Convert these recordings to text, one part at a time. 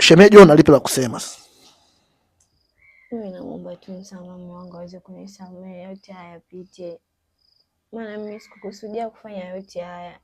Shemeji John alipe la kusema sasa. Mimi naomba tu msamaha mume wangu aweze kunisamehe yote haya yapite. Maana mimi sikukusudia kufanya yote haya.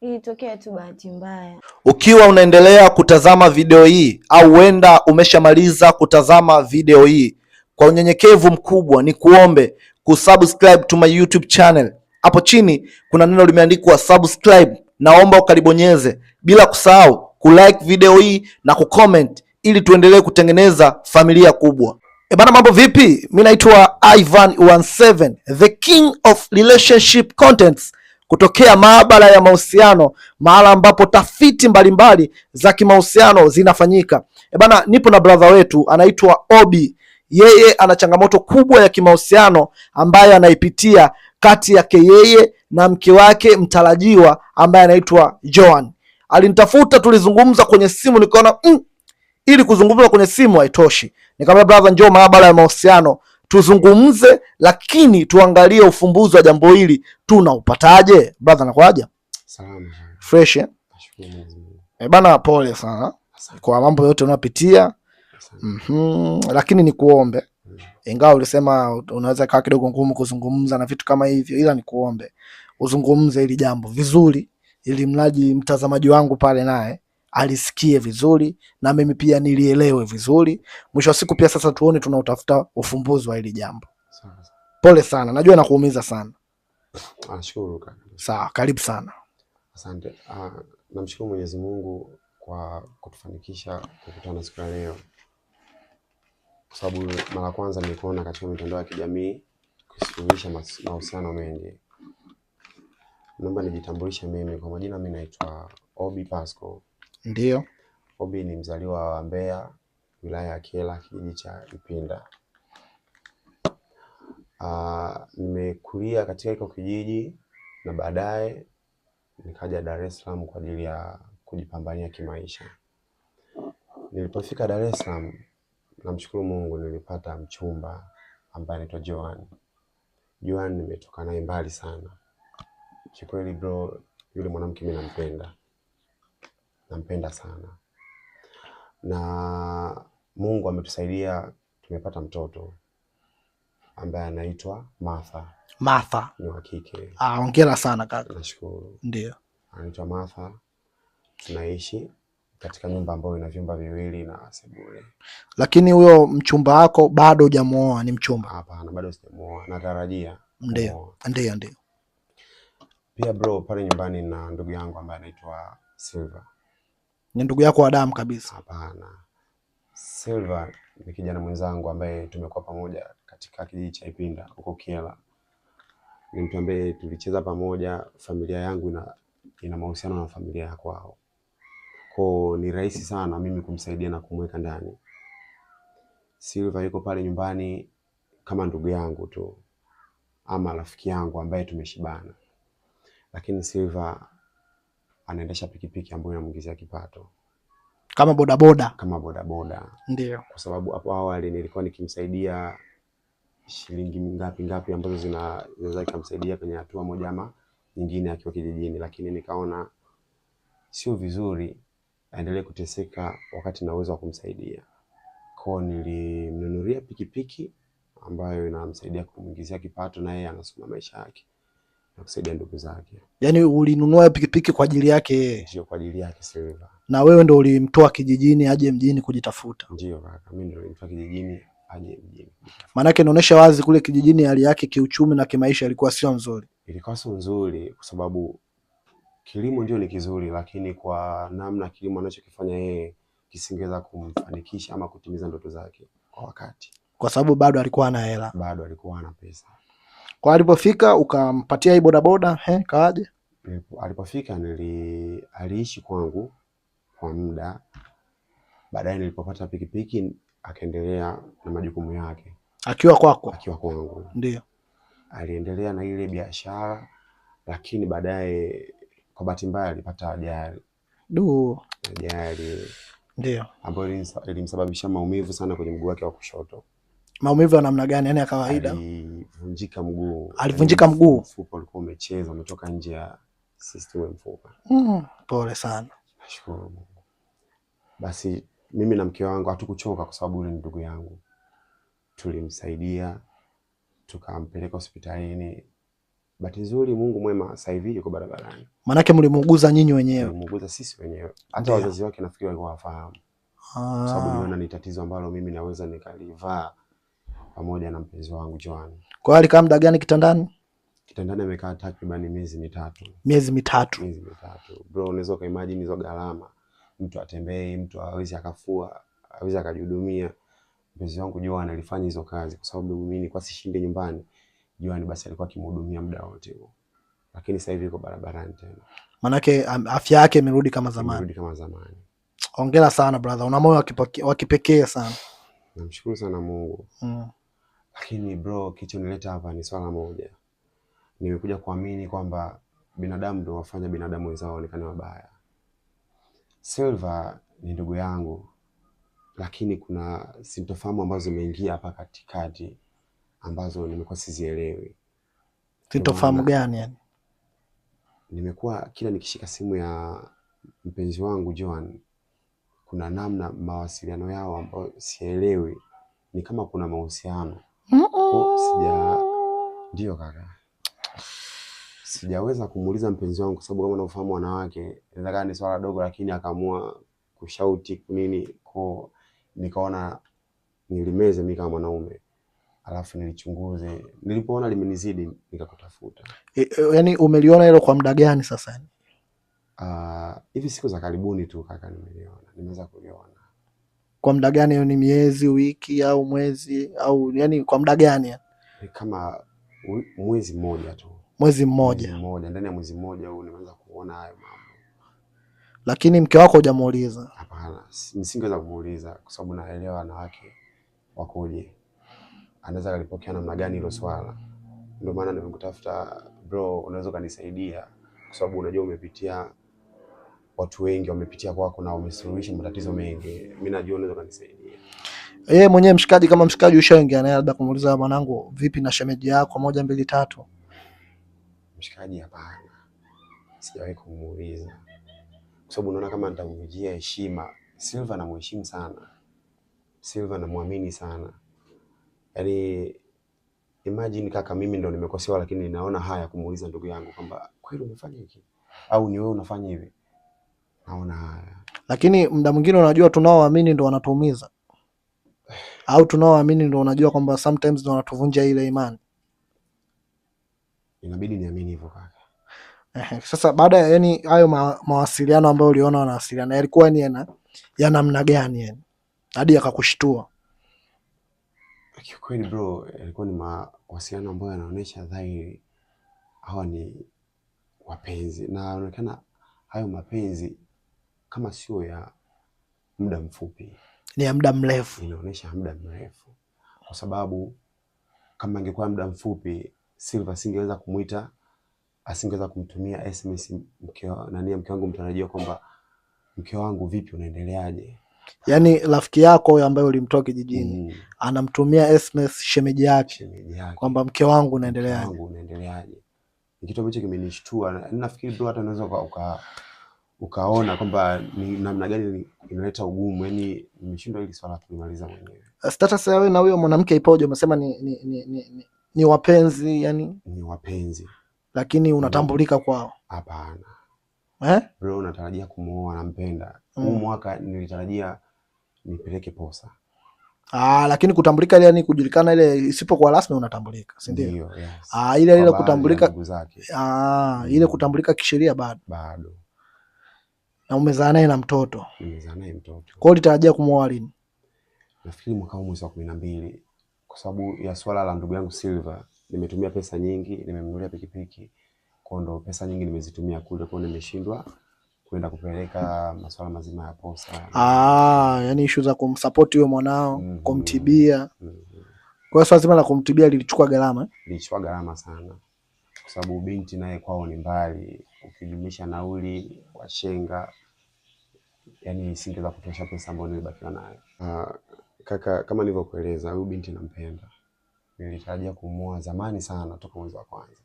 Ilitokea tu bahati mbaya. Ukiwa unaendelea kutazama video hii au huenda umeshamaliza kutazama video hii, kwa unyenyekevu mkubwa ni kuombe kusubscribe to my YouTube channel. Hapo chini kuna neno limeandikwa subscribe, naomba ukalibonyeze bila kusahau kulike video hii na kucomment ili tuendelee kutengeneza familia kubwa. E bana, mambo vipi? Mi naitwa Ivan 17 the king of relationship contents kutokea maabara ya mahusiano, mahala ambapo tafiti mbalimbali mbali za kimahusiano zinafanyika. E bana, nipo na brother wetu anaitwa Obi. Yeye ana changamoto kubwa ya kimahusiano ambayo anaipitia kati yake yeye na mke wake mtarajiwa ambaye anaitwa Joan alinitafuta, tulizungumza kwenye simu, nikaona mm, ili kuzungumza kwenye simu haitoshi. Nikamwambia brother, njoo maabara ya mahusiano tuzungumze, lakini tuangalie ufumbuzi wa jambo hili tunaupataje. Brother, nakwaja fresh eh? E bana, pole sana kwa mambo yote unayopitia mm -hmm. Lakini nikuombe mm. ingawa ulisema unaweza kaa kidogo ngumu kuzungumza na vitu kama hivyo, ila nikuombe uzungumze hili jambo vizuri ili mlaji mtazamaji wangu pale naye alisikie vizuri na mimi pia nilielewe vizuri. Mwisho wa siku pia sasa tuone tunautafuta ufumbuzi wa hili jambo. Pole sana, najua nakuumiza sana. Nashukuru kaka. Sawa, karibu sana. Asante. Ah, namshukuru Mwenyezi Mungu kwa kutufanikisha kukutana siku ya leo, kwa sababu mara kwanza nilikuona katika mitandao ya kijamii kusuluhisha mahusiano mengi Naomba nijitambulishe mimi kwa majina, mimi naitwa Obi Pasco. Ndio. Obi ni mzaliwa wa Mbeya, wilaya ya Kyela, kijiji cha Ipinda. Ah, nimekulia katika hiko kijiji na baadaye nikaja Dar es Salaam kwa ajili ya kujipambania kimaisha. Nilipofika Dar es Salaam, namshukuru Mungu, nilipata mchumba ambaye anaitwa Joan. Joan nimetoka naye mbali sana Kikweli bro, yule mwanamke mimi nampenda, nampenda sana, na Mungu ametusaidia tumepata mtoto ambaye anaitwa Martha. Martha ni wa kike. Ah, hongera sana kaka. Nashukuru. Ndio, anaitwa Martha, tunaishi katika nyumba ambayo ina vyumba viwili na sebule. Lakini huyo mchumba wako bado hujamuoa? Ni mchumba? Hapana, bado sijamuoa, natarajia. Ndio, ndio, ndio. Pia bro, pale nyumbani na ndugu yangu ambaye anaitwa Silver. Ni ndugu yako wa damu kabisa? Hapana, Silver ni kijana mwenzangu ambaye tumekuwa pamoja katika kijiji cha Ipinda huko Kiela. Ni mtu ambaye tulicheza pamoja, familia yangu ina, ina mahusiano na familia ya kwao, kwa ni rahisi sana mimi kumsaidia na kumweka ndani. Silver yuko pale nyumbani kama ndugu yangu tu ama rafiki yangu ambaye tumeshibana lakini Silva anaendesha pikipiki ambayo inamuingizia kipato kama bodaboda, kama bodaboda ndio, kwa sababu hapo awali nilikuwa nikimsaidia shilingi ngapi ngapi ambazo zinaweza ikamsaidia kwenye hatua moja ama nyingine akiwa kijijini, lakini nikaona sio vizuri aendelee kuteseka wakati na uwezo wa kumsaidia kwao. Nilimnunulia pikipiki ambayo inamsaidia kumwingizia kipato, na yeye anasoma maisha yake na kusaidia ndugu zake. Yaani ulinunua pikipiki kwa ajili yake yeye? Ndio, kwa ajili yake Silva. Na wewe ndio ulimtoa kijijini aje mjini kujitafuta? Ndio kaka, mimi ndio nilimtoa kijijini aje mjini. Maanake inaonesha wazi kule kijijini hali yake kiuchumi na kimaisha ilikuwa sio nzuri. Ilikuwa sio nzuri kwa sababu kilimo ndio ni kizuri, lakini kwa namna kilimo anachokifanya yeye kisingeweza kumfanikisha ama kutimiza ndoto zake kwa wakati, kwa sababu bado alikuwa hana hela, bado alikuwa hana pesa. Kwa alipofika ukampatia hii bodaboda eh, kaaje? Alipofika nili aliishi kwangu kwa muda, baadaye nilipopata pikipiki akaendelea na majukumu yake akiwa kwako, akiwa kwangu, ndio aliendelea na ile biashara, lakini baadaye kwa bahati mbaya alipata ajali. Du, ajali ndio ambayo ilimsababisha maumivu sana kwenye mguu wake wa kushoto maumivu ya namna gani? Yani ya kawaida? Alivunjika mguu, alivunjika yaani mguu, mfupa ulikuwa umecheza, umetoka nje ya system ya mfupa. Mm, pole sana. Nashukuru Mungu. Basi mimi na mke wangu hatukuchoka kwa sababu yule ni ndugu yangu, tulimsaidia tukampeleka hospitalini. Bahati nzuri, Mungu mwema, sasa hivi yuko barabarani. Maanake mlimuuguza nyinyi wenyewe? Mlimuuguza sisi wenyewe, hata wazazi wake nafikiri walikuwa wafahamu, kwa sababu ah. niona ni tatizo ambalo mimi naweza nikalivaa pamoja na mpenzi wangu Joan. Kwa hiyo alikaa muda gani kitandani? Kitandani amekaa takriban miezi mitatu. Miezi mitatu. Miezi mitatu. Bro, unaweza ukaimagine hizo gharama. Mtu atembee, mtu hawezi akafua, hawezi akajihudumia. Mpenzi wangu Joan alifanya hizo kazi kwa sababu mimi nilikuwa sishinde nyumbani. Joan basi alikuwa akimhudumia muda wote huo. Lakini sasa hivi yuko barabarani tena. Manake afya yake imerudi kama zamani. Imerudi kama zamani. Hongera sana brother. Una moyo wa kipekee sana. Namshukuru sana Mungu. Mm. Lakini bro, nileta hapa ni swala moja, nimekuja kuamini kwamba binadamu ndio wafanya binadamu wenzao waonekane wabaya. Silva ni ndugu yangu, lakini kuna sintofahamu ambazo zimeingia hapa katikati ambazo nimekuwa sizielewi. Sintofahamu gani? Yani nimekuwa kila nikishika simu ya mpenzi wangu Joan, kuna namna mawasiliano yao ambayo sielewi, ni kama kuna mahusiano Oh, sija ndio kaka, sijaweza kumuuliza mpenzi wangu kwa sababu kama unaofahamu wanawake inawezekana ni swala dogo, lakini akaamua kushauti nini ko, nikaona nilimeze mimi kama mwanaume alafu nilichunguze, nilipoona limenizidi nikakutafuta. E, umeliona hilo kwa muda gani sasa? Uh, hivi siku za karibuni tu kaka, nimeliona nimeweza kuliona kwa muda gani? Ni miezi, wiki au mwezi au yani kwa muda gani? Kama mwezi mmoja tu. Mwezi mmoja, ndani ya mwezi mmoja huu nimeanza kuona hayo mambo. Lakini mke wako hujamuuliza? Hapana, nisingeweza kumuuliza kwa sababu naelewa wanawake wakoje, anaweza kalipokea namna gani hilo swala. Ndio maana nimekutafuta bro, unaweza ukanisaidia kwa sababu unajua umepitia watu wengi wamepitia kwako na wamesuluhisha matatizo mengi. Mimi najua unaweza kunisaidia. Yeye mwenyewe mshikaji, kama mshikaji ushaongea naye, labda kumuuliza mwanangu, vipi na shemeji yako, moja mbili tatu. Mshikaji, hapana, sijawahi kumuuliza kwa sababu unaona kama nitamvunjia heshima. Silva namheshimu sana, Silva namwamini sana. Yaani imagine kaka, mimi ndo nimekosewa, lakini ninaona haya kumuuliza ndugu yangu kwamba kweli umefanya hiki au ni wewe unafanya hivi naona haya. Lakini mda mwingine unajua, tunaoamini ndo wanatuumiza au tunaoamini ndo unajua kwamba sometimes ndo wanatuvunja ile imani. Inabidi niamini hivyo kaka. Eh, sasa baada ya yani hayo ma, mawasiliano ambayo uliona wanawasiliana yalikuwa ni yana ya namna gani yani hadi yakakushtua? Kikweli bro, yalikuwa ni mawasiliano ambayo yanaonyesha dhahiri hawa ni wapenzi na anaonekana hayo mapenzi kama sio ya muda mfupi, ni ya muda mrefu, inaonyesha muda mrefu, kwa sababu kama ingekuwa muda mfupi Silva asingeweza kumuita, asingeweza kumtumia SMS mke nani, mke wangu mtarajiwa, kwamba mke wangu vipi, unaendeleaje? Yaani rafiki yako huyo ambaye ulimtoa kijijini mm, anamtumia SMS shemeji yake kwamba mke wangu unaendeleaje, unaendeleaje? Ni kitu ambacho kimenishtua, nafikiri ndio hata unaweza uka ukaona kwamba ni namna gani inaleta ugumu, yani nimeshindwa hili swala kumaliza mwenyewe. Status ya wewe na huyo mwanamke ipoje? Umesema ni, ni, ni, ni, ni wapenzi yani? Ni wapenzi lakini unatambulika kwao? Hapana eh? Bro, unatarajia kumuoa, nampenda huu mm. Mwaka nilitarajia nipeleke posa. Ah, lakini kutambulika ile yani kujulikana ile isipokuwa rasmi unatambulika, si ndio? Yes. Ah, Ile ile kutambulika, ah, ile kutambulika kisheria bado bado na umezaa naye na mtoto. Umezaa naye mtoto. Kwa hiyo ulitarajia kumwoa lini? Nafikiri mwaka huu mwezi wa kumi na mbili kwa sababu ya swala la ndugu yangu Silva, nimetumia pesa nyingi, nimemnunulia pikipiki. Kwa ndo pesa nyingi nimezitumia kule, kwa nimeshindwa kwenda kupeleka masuala mazima ya posa. Ah, yani issue za kumsupport huyo mwanao, mm -hmm. kumtibia. Mm -hmm. Kwa hiyo swala zima la kumtibia lilichukua gharama? Lilichukua gharama sana. Kwa sababu binti naye kwao ni mbali, ukijumisha nauli washenga, yani singeweza kutosha pesa ambayo nilibakiwa nayo. Uh, kaka, kama nilivyokueleza, huyu binti nampenda, nilitarajia kumuoa zamani sana, toka mwezi wa kwanza,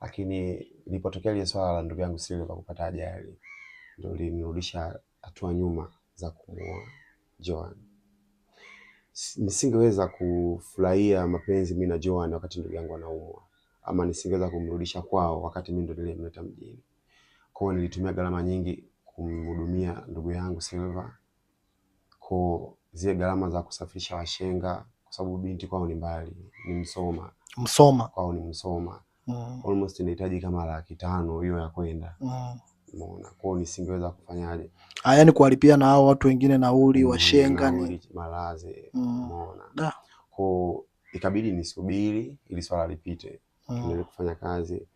lakini nilipotokea ile swala la ndugu yangu Silva kwa kupata ajali, ndio linirudisha hatua nyuma za kumuoa Joan. Nisingeweza kufurahia mapenzi mimi na Joan wakati ndugu yangu anaumwa, ama nisingeweza kumrudisha kwao wakati mimi ndo nilimleta mjini kwao nilitumia gharama nyingi kumhudumia ndugu yangu Silva, kwa zile gharama za kusafirisha washenga, kwa sababu binti kwao ni mbali, ni Msoma. Msoma kwao ni Msoma. Mm. Almost inahitaji kama laki tano hiyo ya kwenda. Mm. Umeona, kwao nisingeweza kufanyaje? Ah, yaani kuwalipia na hao watu wengine nauli, mm, washenga ni malazi. Mm. Umeona. Da. kwao ikabidi nisubiri ili swala lipite. Mm. kufanya kazi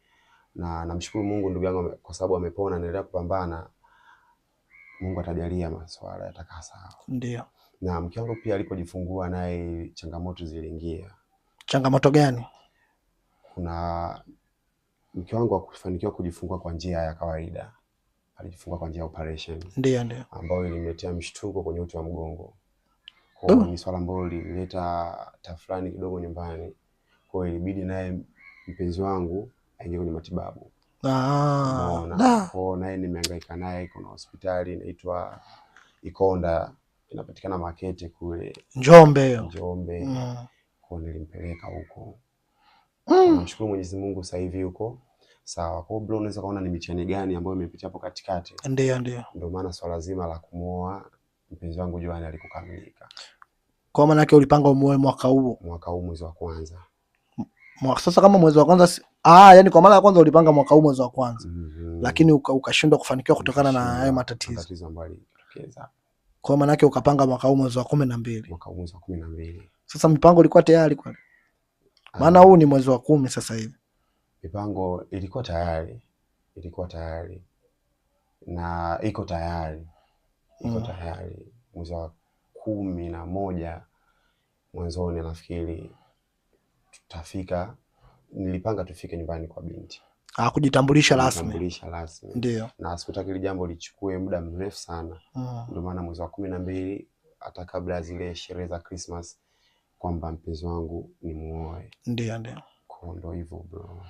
na namshukuru Mungu ndugu yangu kwa sababu amepona, naendelea kupambana. Mungu atajalia masuala yatakaa sawa. Ndio. Na mke wangu pia alipojifungua naye changamoto ziliingia. Changamoto gani? Kuna mke wangu akufanikiwa kujifungua kwa njia ya kawaida, alijifungua kwa njia ya operation. Ndio, ndio. Ambayo ilimletea mshtuko kwenye uti wa mgongo. Kwa hiyo ni swala ambalo lilileta tafrani kidogo nyumbani. Kwa hiyo ilibidi naye mpenzi wangu aingie yaani kwenye matibabu Ah, naye nimehangaika naye, kuna hospitali inaitwa Ikonda inapatikana Makete kule Njombe, Njombe mm. Kwa nilimpeleka huko mm. Namshukuru Mwenyezi Mungu sasa hivi huko sawa. Kwa hiyo unaweza kaona ni michani gani ambayo imepitia hapo katikati, ndio ndio ndio maana swala zima la kumwoa mpenzi wangu Joani alikukamilika. Kwa maana yake ulipanga umuoe mwaka huu, mwaka huu mwezi wa kwanza. mwaka, Sasa kama mwezi wa kwanza si... Ah, yani kwa mara ya kwanza ulipanga mwaka huu mwezi wa kwanza mm -hmm. Lakini ukashindwa uka kufanikiwa kutokana na hayo matatizo. Kwa maana yake ukapanga mwaka huu mwezi wa kumi na mbili. Sasa mipango ilikuwa tayari kwani? Maana huu ni mwezi wa kumi sasa hivi. Mipango ilikuwa tayari, ilikuwa tayari na iko tayari, iko mm. tayari mwezi wa kumi na moja mwanzoni, nafikiri tutafika nilipanga tufike nyumbani kwa binti ah, kujitambulisha rasmi, kujitambulisha rasmi ndio, na sikutaka ile jambo lichukue muda mrefu sana mm. Ndio maana mwezi wa kumi na mbili hata kabla ya zile sherehe za Christmas kwamba mpenzi wangu ni muoe. Ndio, ndio kwa ndo hivyo bro.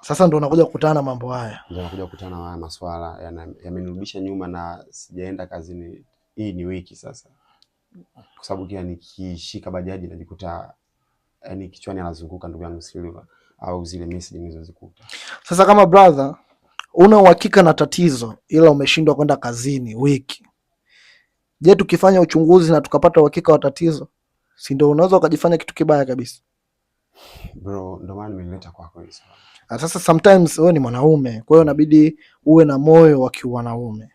Sasa ndo unakuja kukutana mambo haya, ndio nakuja kukutana haya maswala yamenirudisha ya nyuma na sijaenda kazini. Hii ni wiki sasa, kwa sababu kia nikishika bajaji najikuta yani kichwani anazunguka ndugu yangu Silva au zile message nilizozikuta. Sasa kama brother una uhakika na tatizo ila umeshindwa kwenda kazini wiki, je, tukifanya uchunguzi na tukapata uhakika wa tatizo, si ndio unaweza ukajifanya kitu kibaya kabisa bro? ndo maana nimeleta kwako hizo. Ah, sasa sometimes wewe ni mwanaume, kwa hiyo inabidi uwe na moyo wa kiwanaume.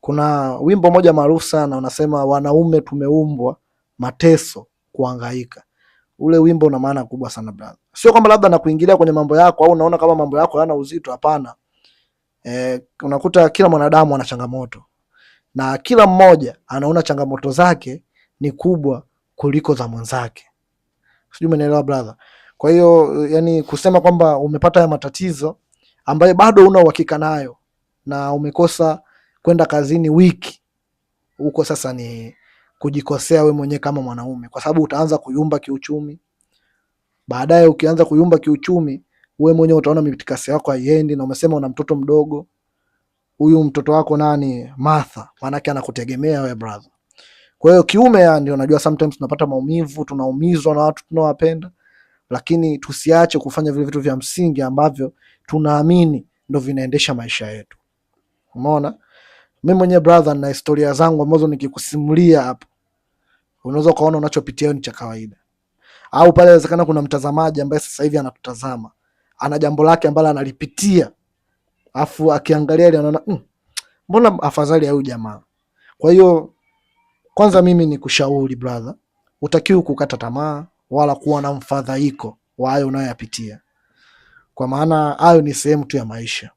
Kuna wimbo moja maarufu sana unasema, wanaume tumeumbwa mateso, kuangaika ule wimbo una maana kubwa sana brother. Sio kwamba labda nakuingilia kwenye mambo yako au unaona kama mambo yako hayana uzito, hapana. E, unakuta kila mwanadamu ana changamoto na kila mmoja anaona changamoto zake ni kubwa kuliko za mwenzake. Sijui umenielewa brother. Kwa hiyo yani, kusema kwamba umepata haya matatizo ambayo bado una uhakika nayo na umekosa kwenda kazini wiki huko, sasa ni kujikosea we mwenyewe kama mwanaume, kwa sababu utaanza kuyumba kiuchumi. Baadaye ukianza kuyumba kiuchumi, we mwenyewe utaona mitikasi yako haiendi, na umesema una mtoto mdogo. Huyu mtoto wako nani? Martha, maanake anakutegemea we brother. Kwa hiyo kiume, ndio najua sometimes tunapata maumivu, tunaumizwa na watu tunawapenda, lakini tusiache kufanya vile vitu vya msingi ambavyo tunaamini ndo vinaendesha maisha yetu. Umeona? mi mwenyewe brother, na historia zangu ambazo nikikusimulia hapo unaweza ukaona unachopitia ni cha kawaida, au pale inawezekana kuna mtazamaji ambaye sasa hivi anatutazama ana jambo lake ambalo analipitia, afu akiangalia ile anaona mm, mbona afadhali huyu jamaa. Kwa hiyo kwanza mimi ni kushauri brother, utakiwi kukata tamaa wala kuwa na mfadhaiko wa hayo unayoyapitia, kwa maana hayo ni sehemu tu ya maisha,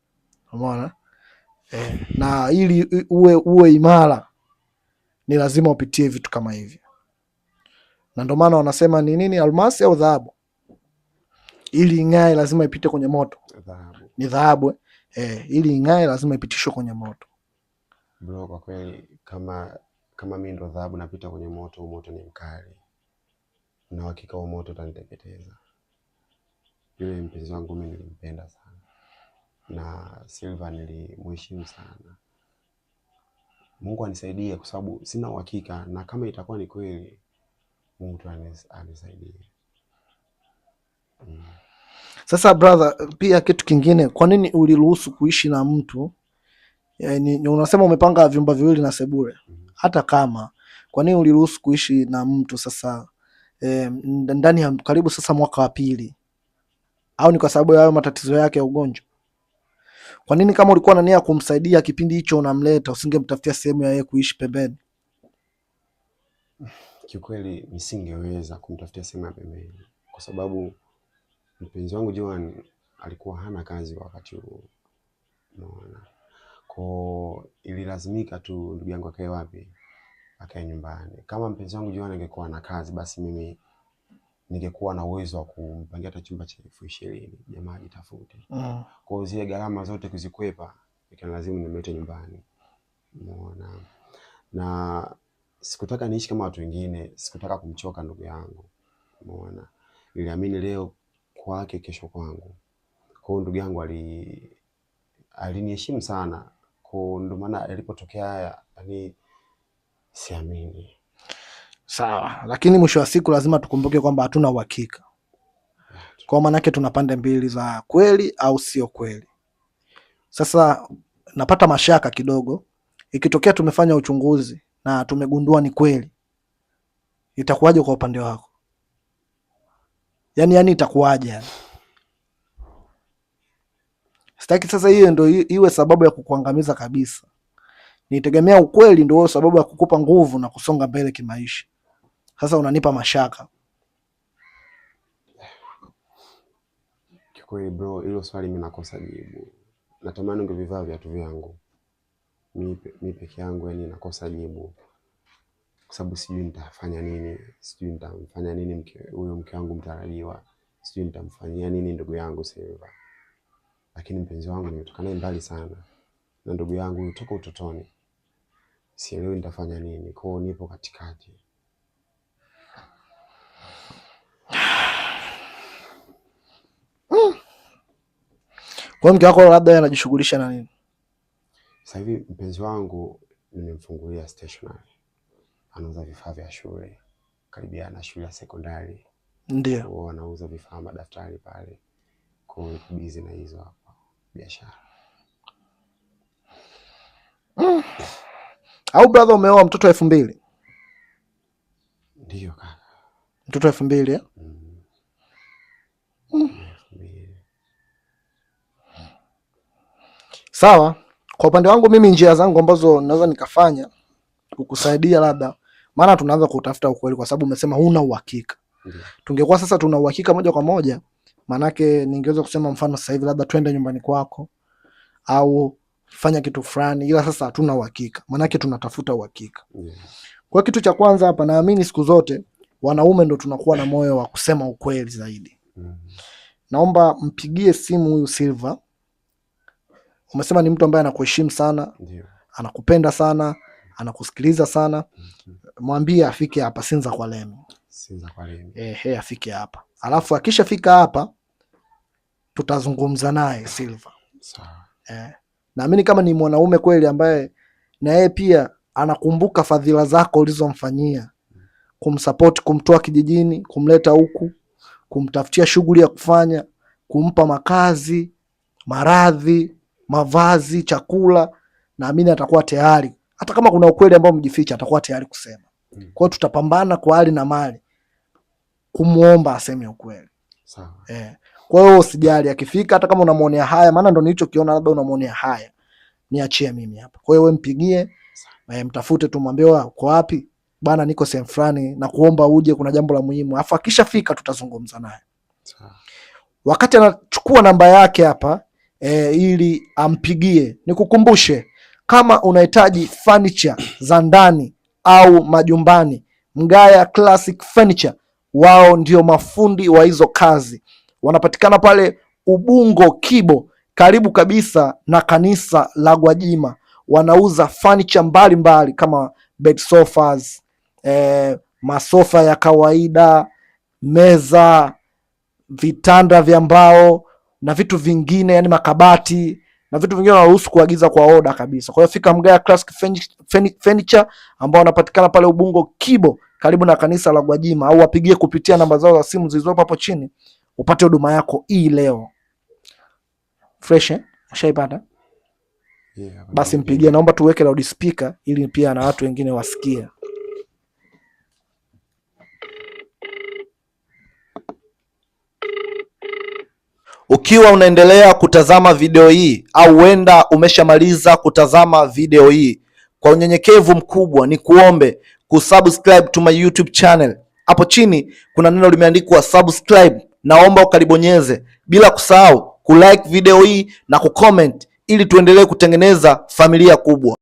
umeona na ili uwe uwe imara ni lazima upitie vitu kama hivyo, na ndio maana wanasema ni nini almasi au dhahabu, ili ing'ae lazima ipite kwenye moto. Dhahabu ni dhahabu eh, eh ili ing'ae lazima ipitishwe kwenye moto. Bro, kwa kweli kama kama mimi ndo dhahabu napita kwenye moto, huo moto ni mkali na hakika huo moto utaniteketeza. Yule mpenzi wangu mimi nilimpenda sana na Silva nilimheshimu sana. Mungu anisaidie kwa sababu sina uhakika, na kama itakuwa ni kweli, Mungu tu anisaidie. Mm. Sasa brother, pia kitu kingine, kwa nini uliruhusu kuishi na mtu yani, eh, unasema umepanga vyumba viwili na sebule mm hata kama kwa nini uliruhusu kuishi na mtu sasa eh, ndani ya karibu sasa mwaka wa pili, au ni kwa sababu ya hayo matatizo yake ya ugonjwa? Kwa nini kama ulikuwa na nia ya kumsaidia kipindi hicho unamleta, usingemtafutia sehemu ya yeye kuishi pembeni? Kiukweli nisingeweza kumtafutia sehemu ya pembeni kwa sababu mpenzi wangu Joan alikuwa hana kazi wakati huo, unaona, kwa ililazimika tu ndugu yangu akae wapi, akae nyumbani. Kama mpenzi wangu Joan angekuwa na kazi, basi mimi ningekuwa na uwezo wa kumpangia hata chumba cha elfu ishirini jamaa ajitafute. Mm. Kwa hiyo zile gharama zote kuzikwepa ikanilazimu nimlete nyumbani. Umeona? Na sikutaka niishi kama watu wengine, sikutaka kumchoka ndugu yangu. Umeona? Niliamini leo kwake kesho kwangu. Kwa ndugu yangu ali aliniheshimu sana. Kwa hiyo ndio maana alipotokea haya, yani siamini sawa, lakini mwisho wa siku lazima tukumbuke kwamba hatuna uhakika. Kwa maana yake tuna pande mbili za kweli au sio kweli. Sasa napata mashaka kidogo, ikitokea tumefanya uchunguzi na tumegundua ni kweli, itakuwaje kwa upande wako? Yani yani itakuwaje? Yani sitaki sasa hiyo ndo iwe sababu ya kukuangamiza kabisa. Nitegemea ukweli ndio sababu ya kukupa nguvu na kusonga mbele kimaisha. Sasa unanipa mashaka kikweli bro, hilo swali mimi nakosa jibu. Natamani ungevivaa viatu vyangu mimi peke yangu, yani nakosa jibu kwa sababu sijui nitafanya nini, sijui nitamfanya nini mke huyo mke wangu mtarajiwa, sijui nitamfanyia nini ndugu yangu Silva. Lakini mpenzi wangu nimetoka naye mbali sana, na ndugu yangu toka utotoni, sielewi nitafanya nini. Kwao nipo katikati. Kwa hiyo mke wako labda anajishughulisha na nini sasa hivi? Mpenzi wangu nimemfungulia stationery, anauza vifaa vya shule karibia na shule ya sekondari, ndio anauza vifaa, madaftari pale, kwa hiyo busy na hizo hapa biashara. Mm. Au brother, umeoa mtoto elfu mbili? Ndio kaka, mtoto elfu mbili eh? mm. mm. Sawa. Kwa upande wangu mimi, njia zangu ambazo naweza nikafanya kukusaidia labda, maana tunaanza kutafuta ukweli, kwa sababu umesema huna uhakika. mm-hmm. Tungekuwa sasa tuna uhakika moja kwa moja, maanake ningeweza kusema mfano sasa hivi labda twende nyumbani kwako au fanya kitu fulani, ila sasa hatuna uhakika, maanake tunatafuta uhakika. mm-hmm. Kwa kitu cha kwanza hapa, naamini siku zote wanaume ndo tunakuwa na moyo wa kusema ukweli zaidi. mm-hmm. Naomba mpigie simu huyu Silva umesema ni mtu ambaye anakuheshimu sana yeah. anakupenda sana anakusikiliza sana mhm. mwambie afike hapa Sinza kwa Lemi, Sinza kwa Lemi. afike hapa alafu akishafika hapa tutazungumza naye Silva. Sawa. Eh, naamini kama ni mwanaume kweli ambaye na yeye pia anakumbuka fadhila zako ulizomfanyia kumsapoti, kumtoa kijijini, kumleta huku, kumtafutia shughuli ya kufanya, kumpa makazi, maradhi mavazi, chakula, naamini atakuwa tayari, hata kama kuna ukweli ambao mjificha, atakuwa tayari kusema. Mm. Kwa hiyo tutapambana kwa hali na mali kumuomba aseme ukweli. Sawa. Eh. Kwa hiyo usijali, akifika hata kama unamwonea haya, maana ndo nilichokiona, labda unamwonea haya, niachie mimi hapa. Kwa hiyo wewe mpigie, eh, mtafute tu, mwambie uko wapi bana, niko sehemu fulani na kuomba uje, kuna jambo la muhimu. Afu akishafika tutazungumza naye. Wakati anachukua namba yake hapa e, ili ampigie. Nikukumbushe, kama unahitaji furniture za ndani au majumbani, Mgaya Classic Furniture wao ndio mafundi wa hizo kazi. Wanapatikana pale Ubungo Kibo, karibu kabisa na kanisa la Gwajima. Wanauza furniture mbalimbali kama bed sofas, e, masofa ya kawaida, meza, vitanda vya mbao na vitu vingine, yani makabati na vitu vingine wanaruhusu kuagiza kwa oda kabisa. Kwa hiyo fika Mgaya Classic Furniture ambao wanapatikana pale Ubungo Kibo karibu na kanisa la Gwajima, au wapigie kupitia namba zao za simu zilizopo hapo chini upate huduma yako hii leo. Fresh eh? Ushaipata? Yeah, basi mpigie, naomba tuweke loudspeaker ili pia na watu wengine wasikie. Ukiwa unaendelea kutazama video hii au huenda umeshamaliza kutazama video hii, kwa unyenyekevu mkubwa ni kuombe kusubscribe to my YouTube channel. Hapo chini kuna neno limeandikwa subscribe, naomba ukalibonyeze, bila kusahau kulike video hii na kucomment, ili tuendelee kutengeneza familia kubwa.